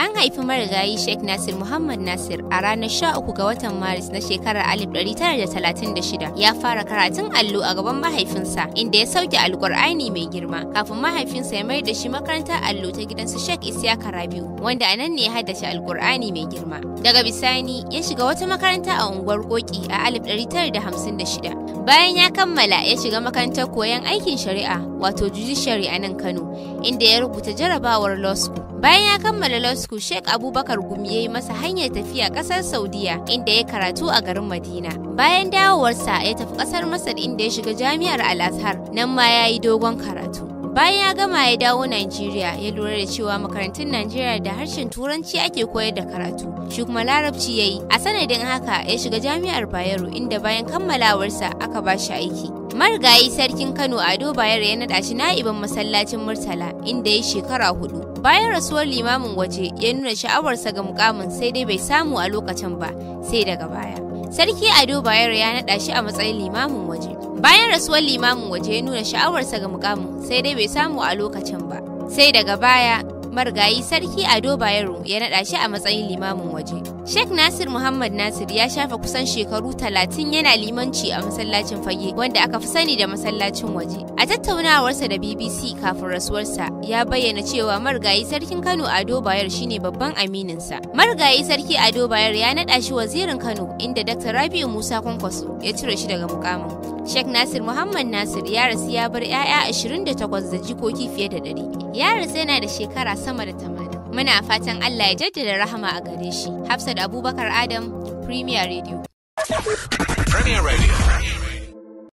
An haifi marigayi Sheikh Nasir Muhammad Nasir a ranar 13 ga watan Maris na shekarar 1936. Ya fara karatun allo a gaban mahaifinsa inda ya sauke Alƙur'ani mai girma kafin mahaifinsa ya mai da shi makaranta allo ta gidansu Sheikh Isiyaka Rabiu wanda a nan ne ya haddace Alƙur'ani mai girma. Daga bisani ya shiga wata makaranta a unguwar Koki a 1956. Bayan ya kammala ya shiga makarantar koyon aikin shari'a wato judiciary a nan Kano inda ya rubuta jarabawar law school. Bayan ya kammala law school Sheikh Abubakar Gumi ya yi masa hanyar tafiya ƙasar Saudiya inda ya karatu a garin Madina. Bayan dawowarsa ya tafi ƙasar Masar inda ya shiga jami'ar Al-Azhar nan ma ya yi dogon karatu. bayan ya gama ya dawo Najeriya ya lura da cewa makarantun Najeriya da harshen turanci ake koyar da karatu shi kuma larabci ya yi a sanadin haka ya shiga jami'ar Bayero inda bayan kammalawarsa aka ba shi aiki marigayi sarkin Kano Ado Bayero ya naɗa shi na'iban masallacin Murtala inda ya shekara hudu bayan rasuwar limamin waje ya nuna sha'awarsa ga mukamin sai dai bai samu a lokacin ba sai daga baya sarki Ado Bayero ya naɗa shi a matsayin limamin waje Bayan rasuwar limamin waje ya nuna sha'awarsa ga mukamin sai dai bai samu a lokacin ba. Sai daga baya margayi sarki Ado Bayero ya naɗa shi a matsayin limamin waje. Sheikh Nasir Muhammad Nasir ya shafa kusan shekaru talatin yana limanci a masallacin fage wanda aka fi sani da masallacin waje. tattaunawarsa da BBC kafin rasuwarsa ya bayyana cewa marigayi sarkin Kano Ado Bayar shine babban amininsa. Marigayi sarki Ado Bayar ya naɗa shi wazirin Kano inda Dr. Rabiu Musa Kwankwaso ya cire shi daga mukamin. Sheikh Nasir Muhammad Nasir ya rasu ya bar 'ya'ya 28 da jikoki fiye da 100. Ya rasu yana da shekara sama da 80. Muna fatan Allah ya jaddada rahama a gare shi. Hafsat Abubakar Adam, Premier Radio. Premier Radio.